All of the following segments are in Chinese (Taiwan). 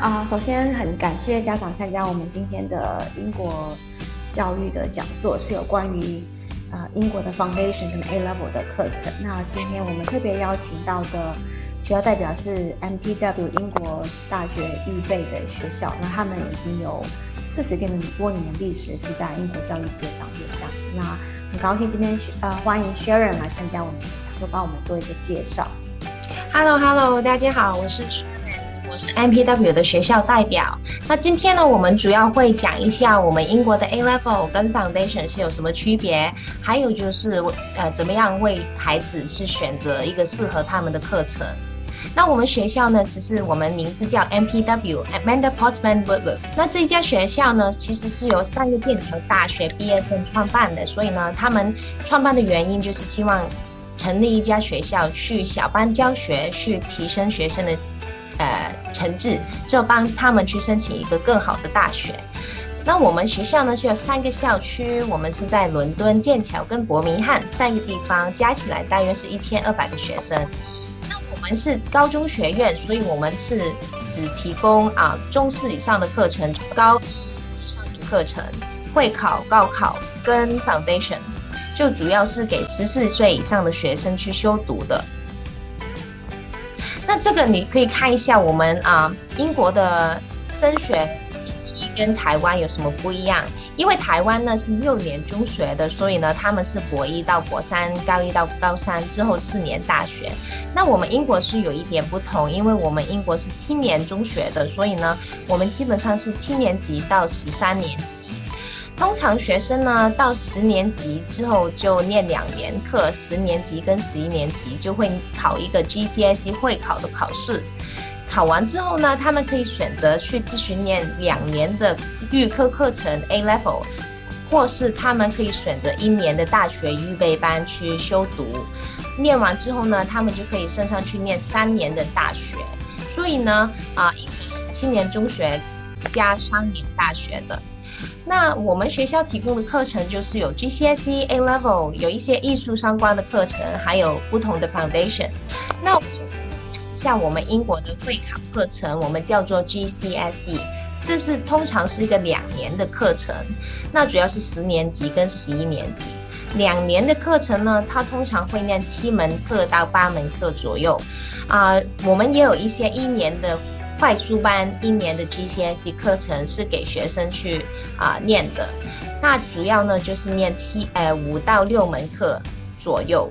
啊、呃，首先很感謝家長參加我們今天的英國教育的講座，是有關於啊、呃、英國的 Foundation 跟 A Level 的課程。那今天我們特別邀請到的學校代表是 MPW 英國大學預備的學校，那他們已經有四十多年的多年歷史，是在英國教育界上面的。那很高興今天呃歡迎 Sharon 來參加我們的講座，幫我們做一個介紹。Hello，Hello，hello，大家好，我是。MPW 的學校代表，那今天呢，我們主要會講一下我們英國的 A Level 跟 Foundation 是有什麼區別，還有就是呃，怎麼樣為孩子是選擇一個適合他們的課程。那我們學校呢，其實我們名字叫 MPW Mander Portman Woodward。 那這一家學校呢，其實是由三個劍橋大學畢業生創辦的，所以呢，他們創辦的原因就是希望成立一家學校去小班教學，去提升學生的。呃，成績，就幫他們去申請一個更好的大學。那我們學校呢，是有三個校區，我們是在倫敦、劍橋跟伯明翰三個地方，加起來大約是一千二百個學生。那我們是高中學院，所以我們是只提供啊中四以上的課程，高一以上的課程，會考、高考跟 foundation，就主要是給十四歲以上的學生去修讀的。那這個你可以看一下我們啊英國的升學體系跟台灣有什麼不一樣？因為台灣呢是六年中學的，所以呢他們是國一到國三，高一到高三之後四年大學。那我們英國是有一點不同，因為我們英國是七年中學的，所以呢我們基本上是七年級到十三年級。通常學生呢到十年級之後就念兩年課，十年級跟十一年級就會考一個 GCSE 會考的考試。考完之後呢，他們可以選擇去諮詢念兩年的預科課，課程 A Level，或是他們可以選擇一年的大學預備班去修讀。念完之後呢，他們就可以升上去念三年的大學。所以呢，啊、呃，英國是青年中學加三年大學的。那我們學校提供的課程就是有 GCSE A Level、有一些藝術相關的課程，還有不同的 Foundation。那我首先來講一下我們英國的會考課程，我們叫做 GCSE，這是通常是一個兩年的課程。那主要是十年級跟十一年級兩年的課程呢，它通常會念七門課到八門課左右。啊、呃，我們也有一些一年的。快速班一年的 GCSE 課程是給學生去啊、呃、念的，那主要呢就是念七誒、呃、五到六門課左右。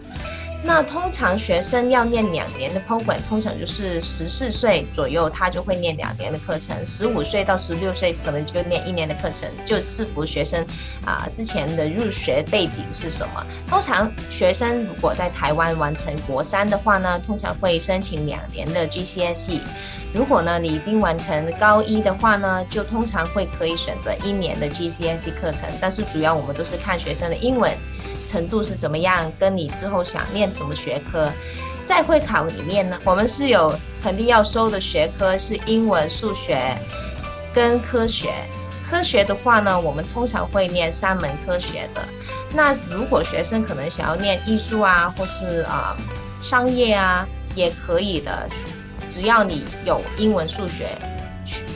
那通常學生要念兩年的 program 通常就是十四歲左右，他就會念兩年的課程。十五歲到十六歲可能就念一年的課程，就視、是、乎學生啊、呃、之前的入學背景是什麼。通常學生如果在台灣完成國三的話呢，通常會申請兩年的 GCSE。如果呢你已經完成高一的話呢，就通常會可以選擇一年的 GCSE 課程。但是主要我們都是看學生的英文。程度是怎麼樣？跟你之後想念什麼學科，在會考裡面呢，我們是有肯定要收的學科是英文、數學跟科學。科學的話呢，我們通常會念三門科學的。那如果學生可能想要念藝術啊，或是啊、呃、商業啊，也可以的。只要你有英文、數學、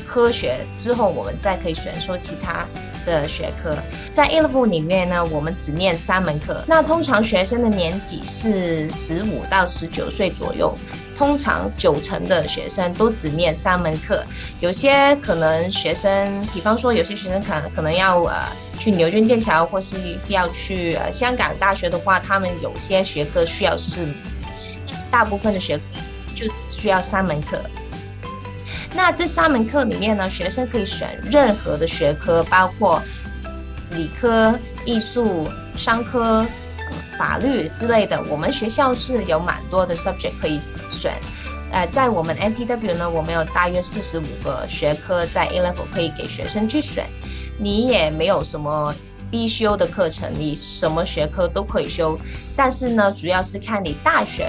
科學之後，我們再可以選修其他。的學科在 A-Level 裡面呢，我們只念三門課。那通常學生的年紀是十五到十九歲左右。通常九成的學生都只念三門課。有些可能學生，比方說有些學生可能可能要呃去牛津、劍橋，或是要去、呃、香港大學的話，他們有些學科需要四門，但是大部分的學科就只需要三門課。那這三門課裡面呢，學生可以選任何的學科，包括理科、藝術、商科、法律之類的。我們學校是有蠻多的 subject 可以選。呃，在我們 MPW 呢，我們有大約四十五個學科在 A level 可以給學生去選，你也沒有什麼，必修的課程，你什麼學科都可以修，但是呢，主要是看你大學，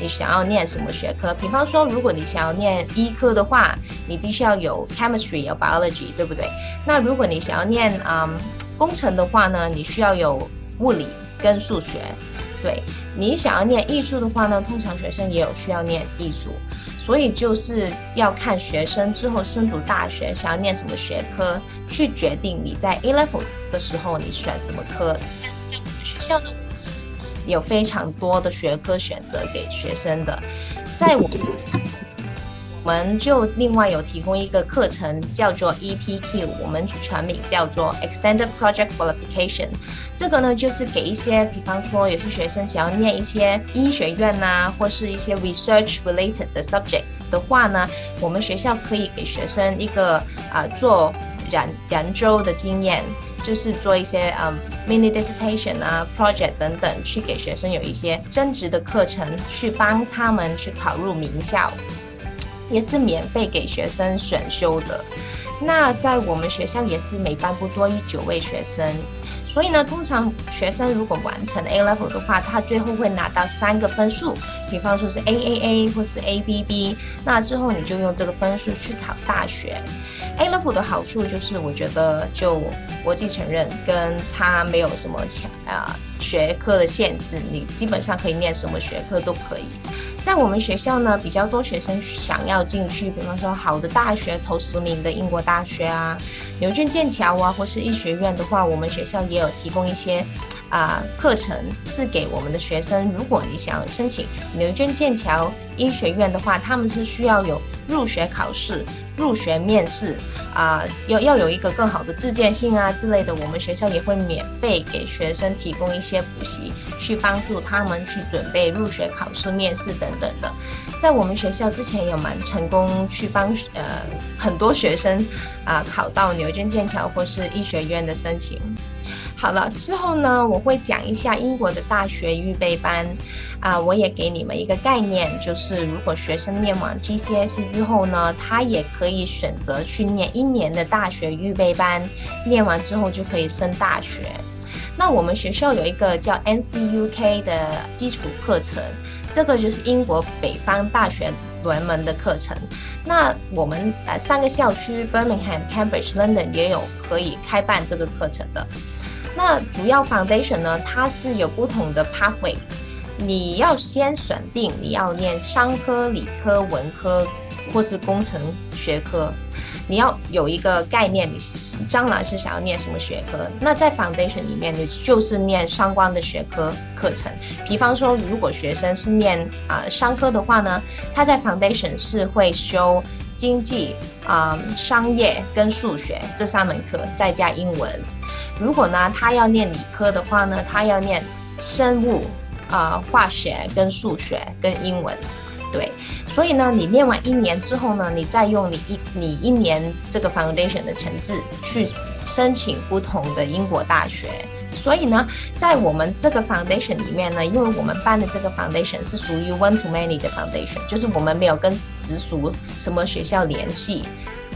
你想要念什麼學科。比方說，如果你想要念醫科的話，你必須要有 chemistry，有 biology，對不對？那如果你想要念嗯，工程的話呢，你需要有物理跟數學，對，你想要念藝術的話呢，通常學生也有需要念藝術。所以就是要看學生之後升讀大學想要念什麼學科，去決定你在 A-Level 的時候你選什麼科。但是在我們學校呢，我們其實有非常多的學科選擇給學生的，在我們我們就另外有提供一個課程，叫做 EPQ，我們全名叫做 Extended Project Qualification。這個呢，就是給一些，比方說有些學生想要念一些醫學院吶、啊，或是一些 research related 的 subject 的話呢，我們學校可以給學生一個啊、呃、做研研究的經驗，就是做一些嗯、呃、mini dissertation 啊 project 等等，去給學生有一些增值的課程，去幫他們去考入名校。也是免費給學生選修的。那在我們學校也是每班不多於九位學生，所以呢，通常學生如果完成 A level 的話，他最後會拿到三個分數，比方說是 A A A 或是 A B B。那之後你就用這個分數去考大學。A level 的好處就是，我覺得就國際承認，跟他沒有什麼強啊學科的限制，你基本上可以念什麼學科都可以。在我們學校呢，比較多學生想要進去，比方說好的大學，Top 十名的英國大學啊，牛津劍橋啊，或是醫學院的話，我們學校也有提供一些。啊，課程是給我們的學生。如果你想要申請牛津、劍橋醫學院的話，他們是需要有入學考試、入學面試，啊、呃，要要有一個更好的自薦信啊之類的。我們學校也會免費給學生提供一些補習，去幫助他們去準備入學考試、面試等等的。在我們學校之前也蠻成功去幫呃很多學生啊、呃、考到牛津、劍橋或是醫學院的申請。好了，之後呢，我會講一下英國的大學預備班。啊、呃，我也給你們一個概念，就是如果學生念完 GCSE 之後呢，他也可以選擇去念一年的大學預備班，念完之後就可以升大學。那我們學校有一個叫 NCUK 的基礎課程，這個就是英國北方大學聯盟的課程。那我們呃三個校區：Birmingham、Cambridge、London 也有可以開辦這個課程的。那主要 foundation 呢，它是有不同的 pathway，你要先選定你要念商科、理科、文科，或是工程學科，你要有一個概念，你是將來是想要念什麼學科。那在 foundation 裡面，你就是念相關的學科課程。比方說，如果學生是念啊、呃、商科的話呢，他在 foundation 是會修經濟、啊、呃、商業跟數學這三門課，再加英文。如果呢，他要念理科的話呢，他要念生物、啊、呃、化學跟數學跟英文，對。所以呢，你念完一年之後呢，你再用你一你一年這個 foundation 的成績去申請不同的英國大學。所以呢，在我們這個 foundation 裡面呢，因為我們辦的這個 foundation 是屬於 one to many 的 foundation，就是我們沒有跟直屬什麼學校聯繫。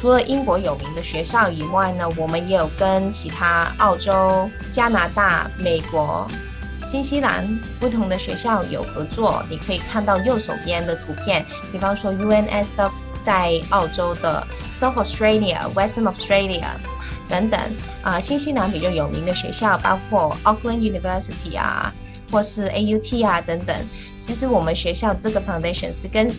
除了英國有名的學校以外呢，我們也有跟其他澳洲、加拿大、美國、新西蘭不同的學校有合作。你可以看到右手邊的圖片，比方說 UNSW 在澳洲的 South Australia、Western Australia 等等啊，呃，新西蘭比較有名的學校包括 Auckland University 啊，或是 AUT 啊等等。其實我們學校這個 Foundation 是跟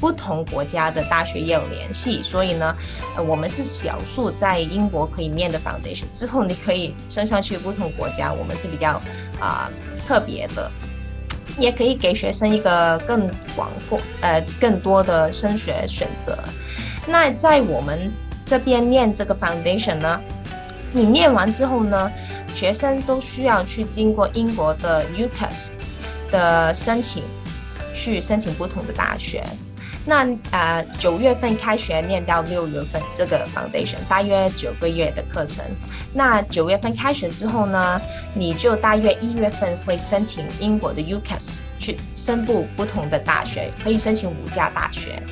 不同國家的大學也有聯繫，所以呢，呃、我們是少數在英國可以念的 foundation。之後你可以升上去不同國家，我們是比較啊、呃、特別的，也可以給學生一個更廣闊，呃，更多的升學選擇。那在我們這邊念這個 foundation 呢，你念完之後呢，學生都需要去經過英國的 UCAS 的申請，去申請不同的大學。那呃，九月份開學念到六月份，這個 foundation 大約九個月的課程。那九月份開學之後呢，你就大約一月份會申請英國的 UCAS 去申布不同的大學，可以申請五家大學。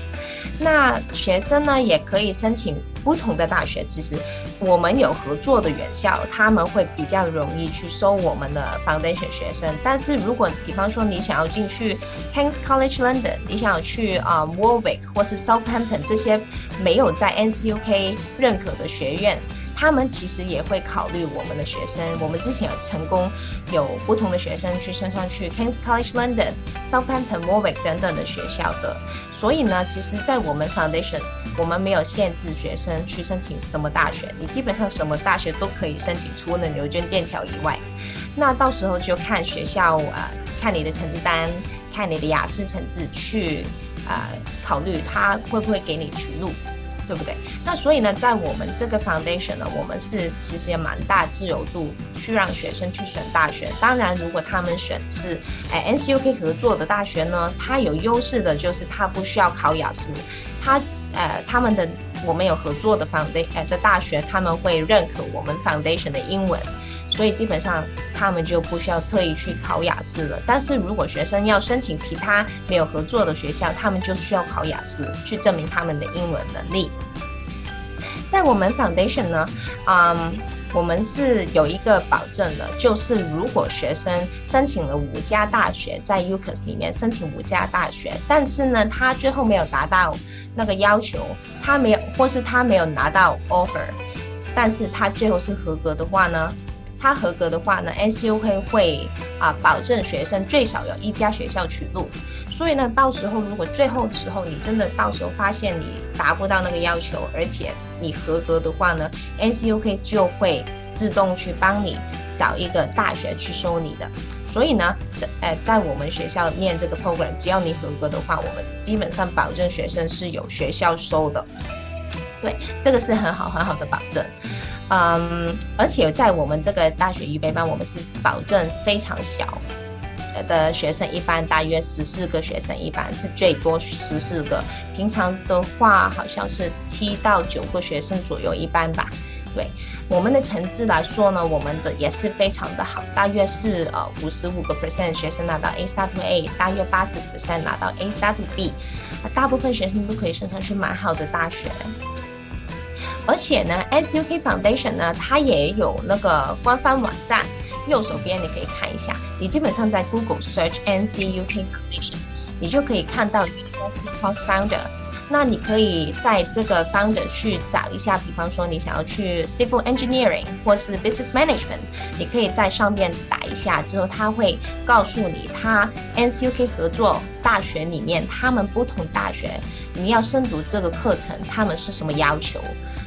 那學生呢也可以申請不同的大學。其實我們有合作的院校，他們會比較容易去收我們的 foundation 學生。但是，如果比方說你想要進去 Kings College London，你想要去啊、um, Warwick 或是 Southampton 這些沒有在 NCUK 認可的學院。他們其實也會考慮我們的學生，我們之前有成功有不同的學生去升上去 King's College London、Southampton、Warwick 等等的學校的。所以呢，其實，在我們 Foundation，我們沒有限制學生去申請什麼大學，你基本上什麼大學都可以申請，除了牛津、劍橋以外。那到時候就看學校啊、呃，看你的成績單，看你的雅思成績，去、呃、啊考慮他會不會給你取錄。對不對？那所以呢，在我們這個 foundation 呢，我們是其實也蠻大自由度去讓學生去選大學。當然，如果他們選是哎、呃、，NCUK 合作的大學呢，它有優勢的就是它不需要考雅思，它呃，他們的我們有合作的 foundation 誒、呃、的大學，他們會認可我們 foundation 的英文。所以基本上他們就不需要特意去考雅思了。但是如果學生要申請其他沒有合作的學校，他們就需要考雅思去證明他們的英文能力。在我們 Foundation 呢，嗯，我們是有一個保證的，就是如果學生申請了五家大學，在 UCAS 裡面申請五家大學，但是呢，他最後沒有達到那個要求，他沒有或是他沒有拿到 offer，但是他最後是合格的話呢，他合格的話呢，NCUK 會啊、呃、保證學生最少有一家學校取錄，所以呢，到時候如果最後的時候你真的到時候發現你達不到那個要求，而且你合格的話呢，NCUK 就會自動去幫你找一個大學去收你的。所以呢，在呃在我們學校念這個 program，只要你合格的話，我們基本上保證學生是有學校收的。對，這個是很好很好的保證，嗯，而且在我們這個大學預備班，我們是保證非常小的學生，一班大約十四個學生一班，是最多十四個。平常的話，好像是七到九個學生左右一班吧。對，我們的成績來說呢，我們的也是非常的好，大約是呃五十五個 percent 學生拿到 A star to A，大約八十 percent 拿到 A star to B，大部分學生都可以升上去蠻好的大學。而且呢 NCUK Foundation 呢它也有那個官方網站右手邊你可以看一下你基本上在 Google search NCUK Foundation 你就可以看到 cross founder 那你可以在這個 founder 去找一下比方說你想要去 Civil Engineering 或是 Business Management 你可以在上面打一下之後它會告訴你它 NCUK 合作大學裡面他們不同大學你要深讀這個課程他們是什麼要求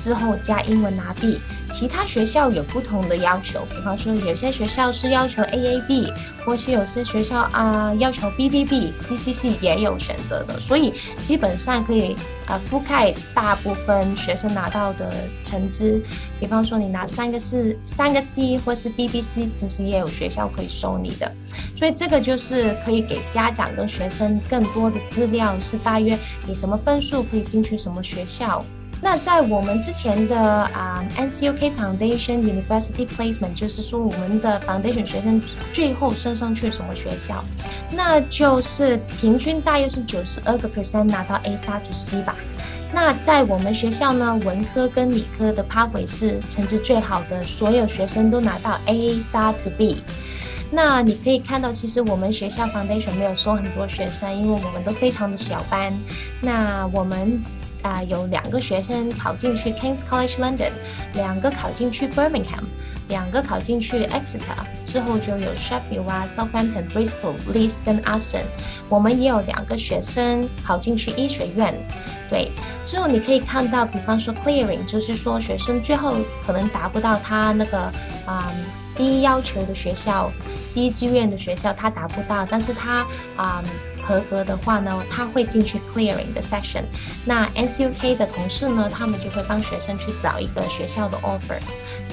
之後加英文拿 B，其他學校有不同的要求。比方說，有些學校是要求 A A B，或是有些學校啊、呃、要求 B B B，C C C 也有選擇的。所以基本上可以啊、呃、覆蓋大部分學生拿到的成績。比方說，你拿三個是三個 C，或是 B B C，其實也有學校可以收你的。所以這個就是可以給家長跟學生更多的資料，是大約你什麼分數可以進去什麼學校。那在我們之前的啊，um，NCUK Foundation University Placement，就是說我們的 Foundation 學生最後升上去什麼學校？那就是平均大約是九十二個 percent 拿到 A star to C 吧。那在我們學校呢，文科跟理科的趴 a 是成績最好的，所有學生都拿到 A star to B。那你可以看到，其實我們學校 Foundation 沒有收很多學生，因為我們都非常的小班。那我們。啊、呃，有兩個學生考進去 Kings College London，兩個考進去 Birmingham，兩個考進去 Exeter，之後就有 Sheffield、Southampton、Bristol、Leeds 跟 Aston。我們也有兩個學生考進去醫學院，對。之後你可以看到，比方說 clearing，就是說學生最後可能達不到他那個啊、嗯、第一要求的學校、第一志願的學校，他達不到，但是他啊。嗯合格的話呢，他會進去 clearing the section。那 NCUK 的同事呢，他們就會幫學生去找一個學校的 offer。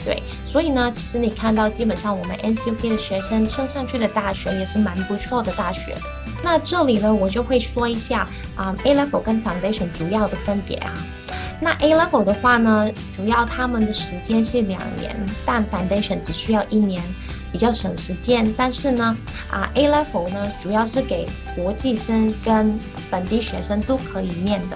對，所以呢，其實你看到基本上我們 NCUK 的學生升上去的大學也是蠻不錯的大學。那這裡呢，我就會說一下啊，um，A level 跟 foundation 主要的分別啊。那 A level 的話呢，主要他們的時間是兩年，但 foundation 只需要一年。比較省時間，但是呢，啊，A level 呢主要是給國際生跟本地學生都可以念的，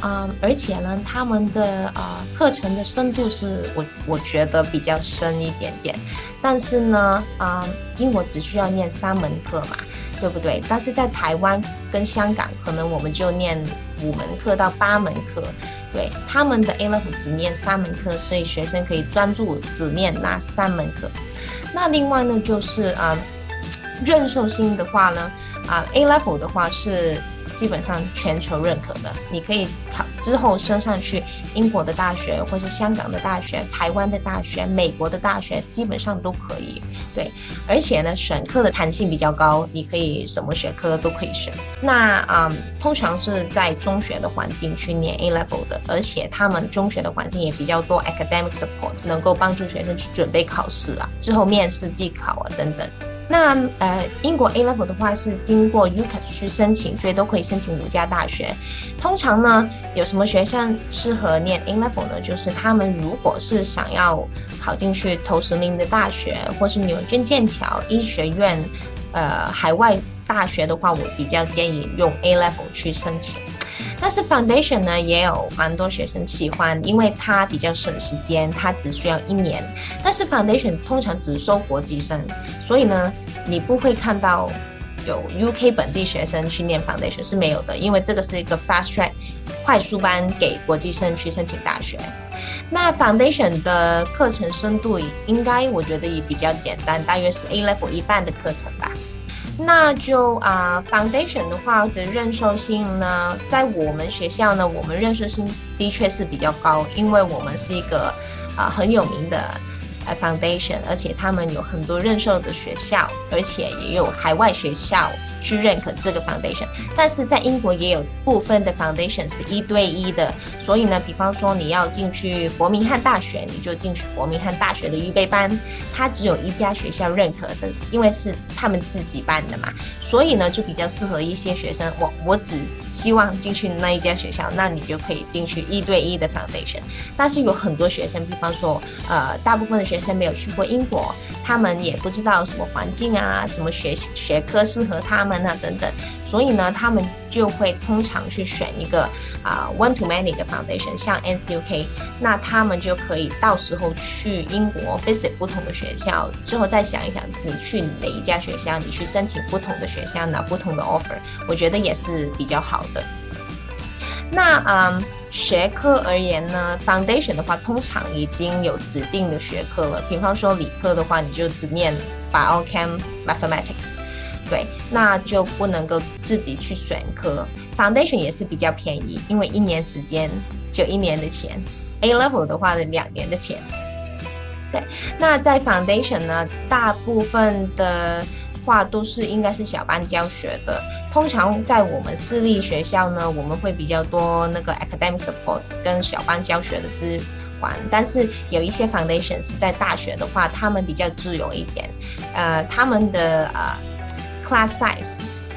啊、嗯，而且呢，他們的啊、呃、課程的深度是我我覺得比較深一點點，但是呢，啊、呃，英國只需要念三門課嘛，對不對？但是在台灣跟香港，可能我們就念五門課到八門課，對，他們的 A level 只念三門課，所以學生可以專注只念那三門課。那另外呢，就是啊、嗯，認受性的話呢，啊、嗯，A level 的話是，基本上全球認可的，你可以考之後升上去英國的大學，或是香港的大學、台灣的大學、美國的大學，基本上都可以。對，而且呢，選課的彈性比較高，你可以什麼學科都可以選。那啊、嗯，通常是在中學的環境去念 A level 的，而且他們中學的環境也比較多 academic support，能夠幫助學生去準備考試啊，之後面試技、啊、技巧啊等等。那呃，英國 A level 的話是經過 UCAS 去申請，最多可以申請五家大學。通常呢，有什麼學校適合念 A level 呢？就是他們如果是想要考進去 Top 十名的大學，或是牛津、劍橋、醫學院，呃，海外大學的話，我比較建議用 A level 去申請。但是 foundation 呢也有蠻多學生喜歡，因為它比較省時間，它只需要一年。但是 foundation 通常只收國際生，所以呢，你不會看到有 UK 本地學生去念 foundation 是沒有的，因為這個是一個 fast track 快速班給國際生去申請大學。那 foundation 的課程深度應該我覺得也比較簡單，大約是 A level 一半的課程吧。那就啊、uh,，Foundation 的話的認受性呢，在我們學校呢，我們認受性的確是比較高，因為我們是一個啊、uh, 很有名的，呃、uh, Foundation，而且他們有很多認受的學校，而且也有海外學校。去認可這個 foundation，但是在英國也有部分的 foundation 是一對一的，所以呢，比方說你要進去伯明翰大學，你就進去伯明翰大學的預備班，它只有一家學校認可的，因為是他們自己辦的嘛，所以呢，就比較適合一些學生。我我只希望進去那一家學校，那你就可以進去一對一的 foundation。但是有很多學生，比方說，呃，大部分的學生沒有去過英國，他們也不知道什麼環境啊，什麼學學科適合他們。那等等，所以呢，他們就會通常去選一個啊、uh,，one to many 的 foundation，像 NCUK，那他們就可以到時候去英國 visit 不同的學校，之後再想一想你去哪一家學校，你去申請不同的學校拿不同的 offer，我覺得也是比較好的。那嗯，um, 學科而言呢，foundation 的話，通常已經有指定的學科了，比方說理科的話，你就只念 Biochem, Mathematics。對，那就不能夠自己去選科。Foundation 也是比較便宜，因為一年時間就一年的錢。A-level 的話是兩年的錢。對，那在 Foundation 呢，大部分的話都是應該是小班教學的。通常在我們私立學校呢，我們會比較多那個 academic support 跟小班教學的資源。但是有一些 Foundation 是在大學的話，他們比較自由一點。呃，他們的呃。大 size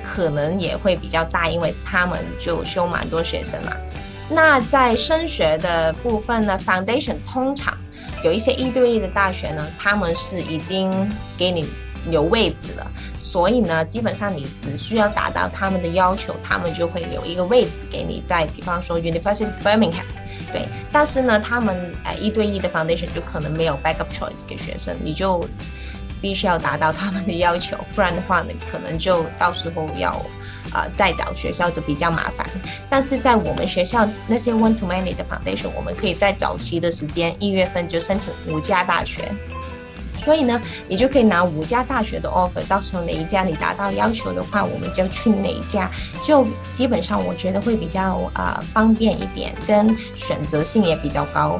可能也會比較大，因為他們就收蠻多學生嘛。那在升學的部分呢，foundation 通常有一些一對一的大學呢，他們是已經給你留位置了，所以呢，基本上你只需要達到他們的要求，他們就會有一個位置給你在。在比方說 University of Birmingham，對。但是呢，他們呃一對一的 foundation 就可能沒有 backup choice 給學生，你就。必須要達到他們的要求，不然的話呢，可能就到時候要，啊、呃，再找學校就比較麻煩。但是在我們學校，那些 one to many 的 foundation，我們可以在早期的時間，一月份就申請五家大學。所以呢，你就可以拿五家大學的 offer，到時候哪一家你達到要求的話，我們就去哪一家，就基本上我覺得會比較啊、呃、方便一點，跟選擇性也比較高。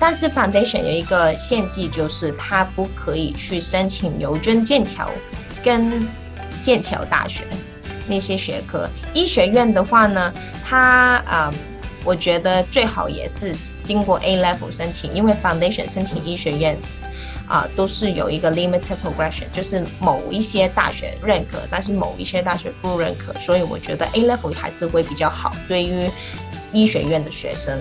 但是 foundation 有一個限制，就是它不可以去申請牛津、劍橋，跟劍橋大學那些學科。醫學院的話呢，它啊、呃，我覺得最好也是經過 A level 申請，因為 foundation 申請醫學院，啊、呃，都是有一個 limited progression，就是某一些大學認可，但是某一些大學不認可，所以我覺得 A level 還是會比較好。對於醫學院的學生，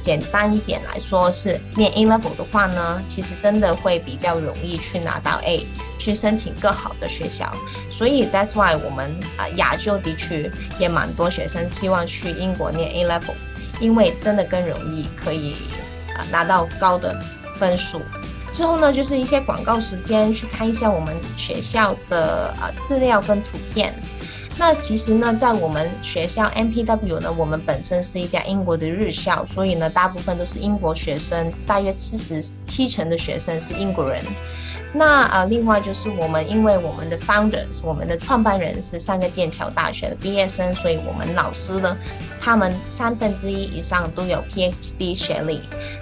簡單一點來說是，是念 A level 的話呢，其實真的會比較容易去拿到 A，去申請更好的學校。所以 that's why 我們啊、呃、亞洲地區也蠻多學生希望去英國念 A level，因為真的更容易可以啊、呃、拿到高的分數。之後呢，就是一些廣告時間，去看一下我們學校的、呃、資料跟圖片。那其實呢，在我們學校 MPW 呢，我們本身是一家英國的日校，所以呢，大部分都是英國學生，大約七十七成的學生是英國人。那呃，另外就是我們因為我們的 founders，我們的創辦人是三個劍橋大學的畢業生，所以我們老師呢，他們三分之一以上都有 PhD 學歷。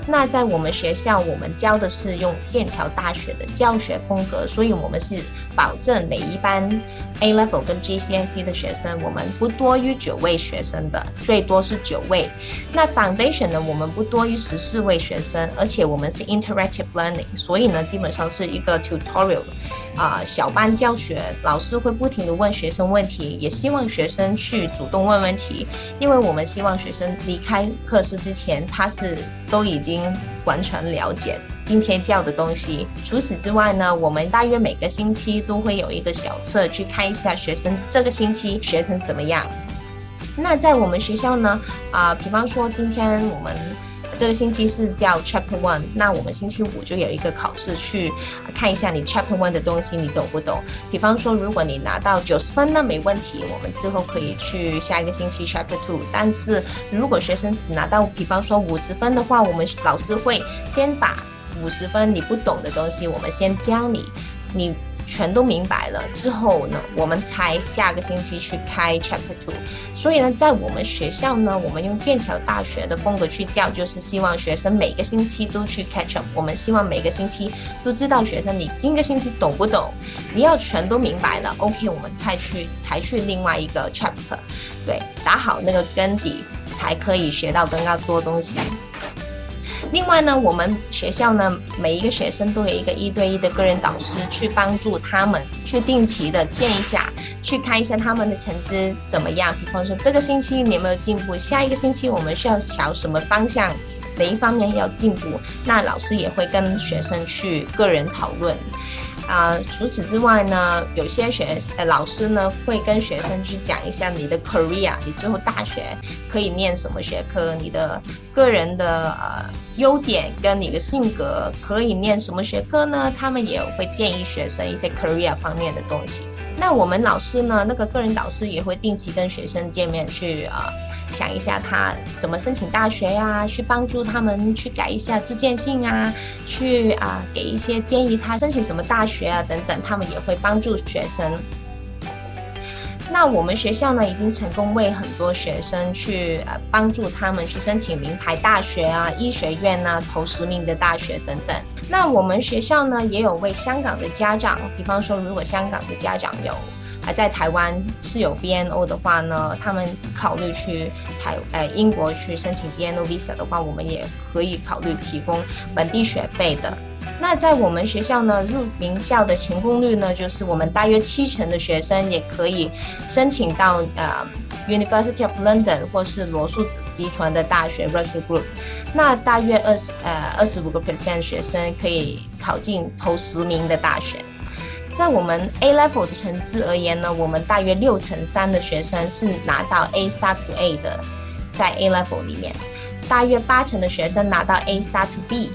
那在我們學校，我們教的是用劍橋大學的教學風格，所以我們是保證每一班 A Level 跟 GCSE 的學生，我們不多於九位學生的，最多是九位。那 Foundation 呢，我們不多於十四位學生，而且我們是 interactive learning，所以呢，基本上是一個。tutorial 啊、呃，小班教學，老師會不停地問學生問題，也希望學生去主動問問題，因為我們希望學生離開課室之前，他是都已經完全了解今天教的東西。除此之外呢，我們大約每個星期都會有一個小測，去看一下學生這個星期學成怎麼樣。那在我們學校呢，啊、呃，比方說今天我們。這個星期是叫 Chapter One，那我們星期五就有一個考試，去看一下你 Chapter One 的東西你懂不懂？比方說，如果你拿到九十分，那沒問題，我們之後可以去下一個星期 Chapter Two。但是如果學生只拿到比方說五十分的話，我們老師會先把五十分你不懂的東西，我們先教你，你全都明白了之後呢，我們才下個星期去開 chapter two。所以呢，在我們學校呢，我們用劍橋大學的風格去教，就是希望學生每個星期都去 catch up。我們希望每個星期都知道學生你今個星期懂不懂？你要全都明白了，OK，我們才去才去另外一個 chapter。對，打好那個根底，才可以學到更加多東西。另外呢，我們學校呢，每一個學生都有一個一對一的個人導師去幫助他們，去定期的見一下，去看一下他們的成績怎麼樣。比方說，這個星期你有沒有進步？下一個星期我們需要朝什麼方向，哪一方面要進步？那老師也會跟學生去個人討論。啊、呃，除此之外呢，有些學呃老師呢會跟學生去講一下你的 career，你之後大學可以念什麼學科，你的個人的呃優點跟你的性格可以念什麼學科呢？他們也會建議學生一些 career 方面的東西。那我們老師呢，那個個人導師也會定期跟學生見面去啊。呃想一下他怎麼申請大學呀、啊？去幫助他們去改一下自薦信啊，去啊、呃、給一些建議，他申請什麼大學啊等等，他們也會幫助學生。那我們學校呢，已經成功為很多學生去呃幫助他們去申請名牌大學啊、醫學院吶、啊、top 十名的大學等等。那我們學校呢，也有為香港的家長，比方說如果香港的家長有。還在台灣是有 BNO 的話呢，他們考慮去台呃英國去申請 BNO Visa 的話，我們也可以考慮提供本地學費的。那在我們學校呢，入名校的成功率呢，就是我們大約七成的學生也可以申請到呃 University of London 或是羅素集團的大學 Russell Group。那大約二十呃二十五個 percent 學生可以考進頭十名的大學。在我們 A level 的成績而言呢，我們大約六成三的學生是拿到 A star to A 的，在 A level 裡面，大約八成的學生拿到 A star to B。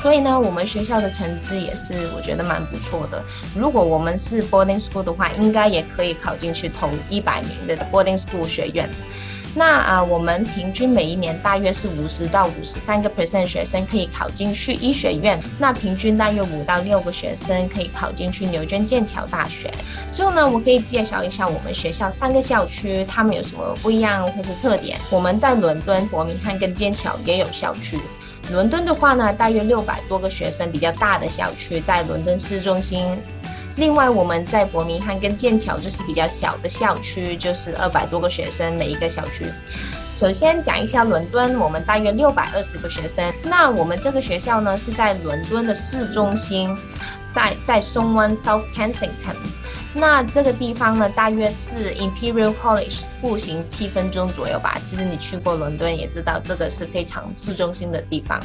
所以呢，我們學校的成績也是我覺得蠻不錯的。如果我們是 boarding school 的話，應該也可以考進去同一百名的 boarding school 學院。那啊，我們平均每一年大約是五十到五十三個 percent 學生可以考進去醫學院，那平均大約五到六個學生可以考進去牛津、劍橋大學。之後呢，我可以介紹一下我們學校三個校區，他們有什麼不一樣或是特點。我們在倫敦、伯明翰跟劍橋也有校區。倫敦的話呢，大約六百多個學生，比較大的校區在倫敦市中心。另外，我們在伯明翰跟劍橋就是比較小的校區，就是二百多個學生每一個校區。首先講一下倫敦，我們大約六百二十個學生。那我們這個學校呢，是在倫敦的市中心，在在松灣 South Kensington。那這個地方呢，大約是 Imperial College 步行七分鐘左右吧。其實你去過倫敦也知道，這個是非常市中心的地方。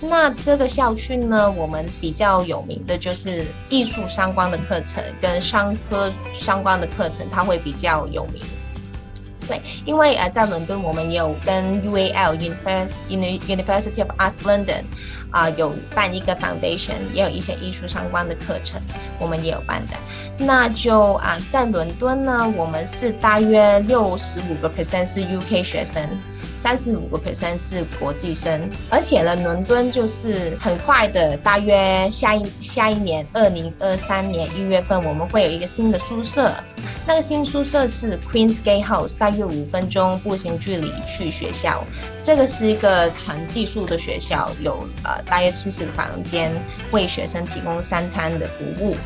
那這個校區呢，我們比較有名的就是藝術相關的課程跟商科相關的課程，它會比較有名。對，因為啊、呃、在倫敦我們也有跟 UAL University of Arts London、呃、有辦一個 foundation，也有一些藝術相關的課程，我們也有辦的，那就啊、呃、在倫敦呢，我們是大約六十五個 percent 是 UK 學生。三十五個 percent 是國際生，而且呢，倫敦就是很快的，大約下一下一年，二零二三年一月份我們會有一個新的宿舍，那個新宿舍是 Queen's Gate House，大約五分鐘步行距離去學校。這個是一個全寄宿的學校，有呃大約七十個房間，為學生提供三餐的服務，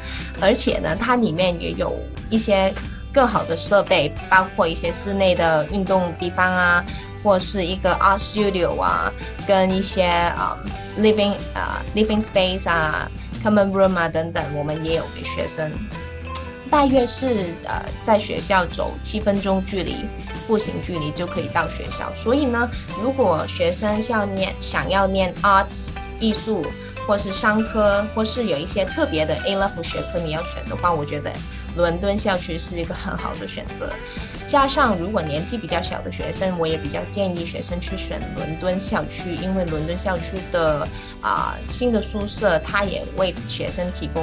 而且呢，它裡面也有一些更好的設備，包括一些室內的運動地方啊。或是一個 art studio 啊，跟一些啊、uh, living 啊、uh, living space 啊，common room 啊等等，我們也有給學生。大約是呃，uh, 在學校走七分鐘距離，步行距離就可以到學校。所以呢，如果學生想要念想要念 arts 藝術。或是商科，或是有一些特別的 A-level 學科你要選的話，我覺得倫敦校區是一個很好的選擇。加上如果年紀比較小的學生，我也比較建議學生去選倫敦校區，因為倫敦校區的啊、呃、新的宿舍，它也為學生提供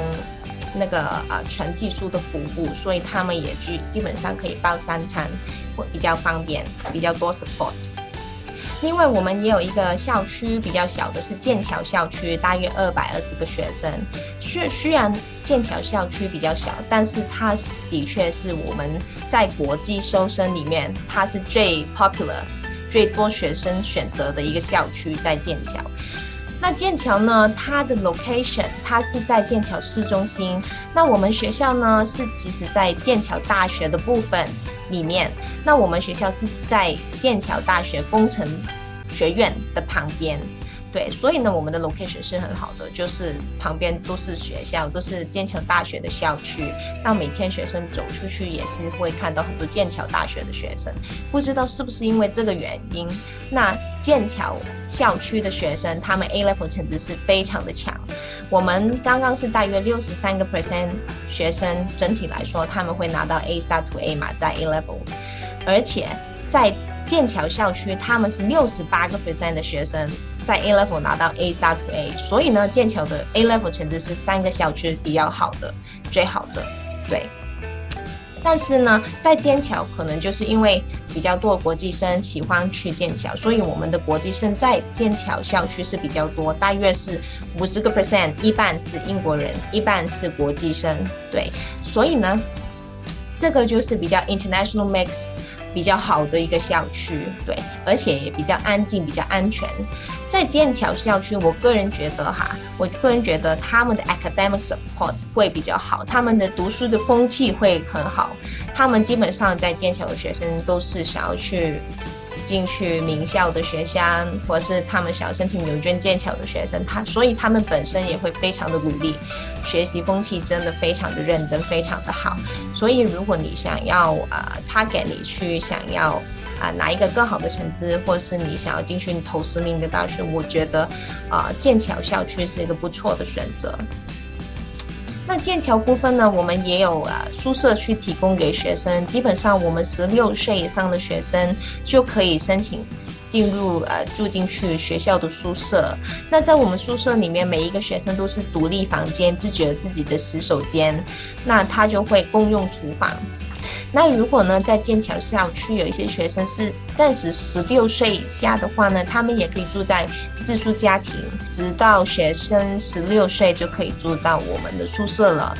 那個啊、呃、全寄宿的服務，所以他們也基基本上可以包三餐，會比較方便，比較多 support。另外，我們也有一個校區比較小的，是劍橋校區，大約二百二十個學生。雖雖然劍橋校區比較小，但是它的確是我們在國際收生裡面，它是最 popular、最多學生選擇的一個校區，在劍橋。那劍橋呢？它的 location 它是在劍橋市中心。那我們學校呢是其實，在劍橋大學的部分裡面。那我們學校是在劍橋大學工程學院的旁邊。對，所以呢，我們的 location 是很好的，就是旁邊都是學校，都是劍橋大學的校區。那每天學生走出去也是會看到很多劍橋大學的學生。不知道是不是因為這個原因？那。劍橋校區的學生，他們 A level 成績是非常的強。我們剛剛是大約六十三個 percent 學生，整體來說他們會拿到 A star to A 嘛，在 A level。而且在劍橋校區，他們是六十八個 percent 的學生在 A level 拿到 A star to A。所以呢，劍橋的 A level 成績是三個校區比較好的，最好的，對。但是呢，在劍橋可能就是因為比較多國際生喜歡去劍橋，所以我們的國際生在劍橋校區是比較多，大約是五十個 percent，一半是英國人，一半是國際生。對，所以呢，這個就是比較 international mix。比較好的一個校區，對，而且也比較安靜，比較安全。在劍橋校區，我個人覺得哈，我個人覺得他們的 academic support 會比較好，他們的讀書的風氣會很好，他們基本上在劍橋的學生都是想要去。進去名校的學生，或是他們想要申請牛津、劍橋的學生，他所以他們本身也會非常的努力，學習風氣真的非常的認真，非常的好。所以如果你想要啊，他、呃、給你去想要啊、呃、拿一個更好的成績，或是你想要進去頭十名的大學，我覺得啊劍橋校區是一個不錯的選擇。那劍橋部分呢，我們也有啊宿舍去提供給學生。基本上，我們十六歲以上的學生就可以申請進入呃住進去學校的宿舍。那在我們宿舍裡面，每一個學生都是獨立房間，自己有自己的洗手間，那他就會共用廚房。那如果呢，在劍橋校區有一些學生是暫時十六歲以下的話呢，他們也可以住在寄宿家庭，直到學生十六歲就可以住到我們的宿舍了。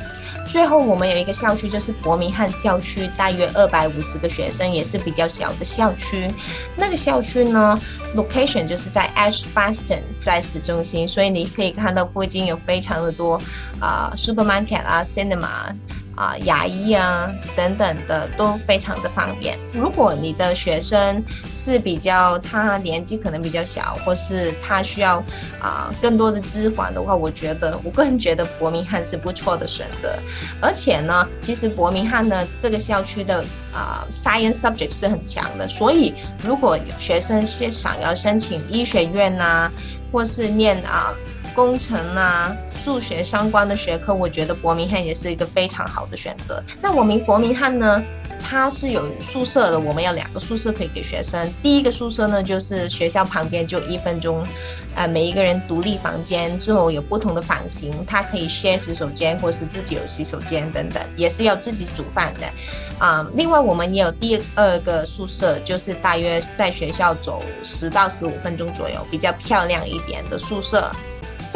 最後，我們有一個校區就是伯明翰校區，大約二百五十個學生，也是比較小的校區。那個校區呢，location 就是在 Ashbaston，在市中心，所以你可以看到附近有非常的多啊、呃、，Supermarket 啊，Cinema 啊。啊、呃，牙醫啊等等的都非常的方便。如果你的學生是比較他年紀可能比較小，或是他需要啊、呃、更多的資源的話，我覺得我個人覺得伯明翰是不錯的選擇。而且呢，其實伯明翰呢這個校區的啊、呃、science subject 是很強的，所以如果學生是想要申請醫學院吶、啊，或是念啊、呃、工程吶、啊。數學相關的學科，我覺得伯明翰也是一個非常好的選擇。那我們伯明翰呢，它是有宿舍的，我們有兩個宿舍可以給學生。第一個宿舍呢，就是學校旁邊就一分鐘，呃，每一個人獨立房間，之後有不同的房型，它可以 share 洗手間，或是自己有洗手間等等，也是要自己煮飯的。啊、嗯，另外我們也有第二個宿舍，就是大約在學校走十到十五分鐘左右，比較漂亮一點的宿舍。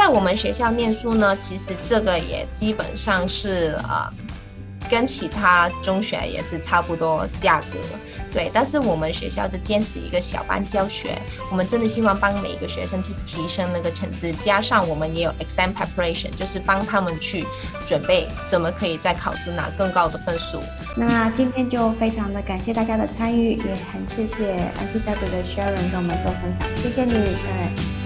在我們學校念書呢，其實這個也基本上是啊、呃，跟其他中學也是差不多價格，對。但是我們學校就堅持一個小班教學，我們真的希望幫每一個學生去提升那個成績，加上我們也有 exam preparation，就是幫他們去準備怎麼可以在考試拿更高的分數。那今天就非常的感謝大家的參與，也很謝謝 MPW 的 Sharon 跟我們做分享，謝謝你，Sharon。學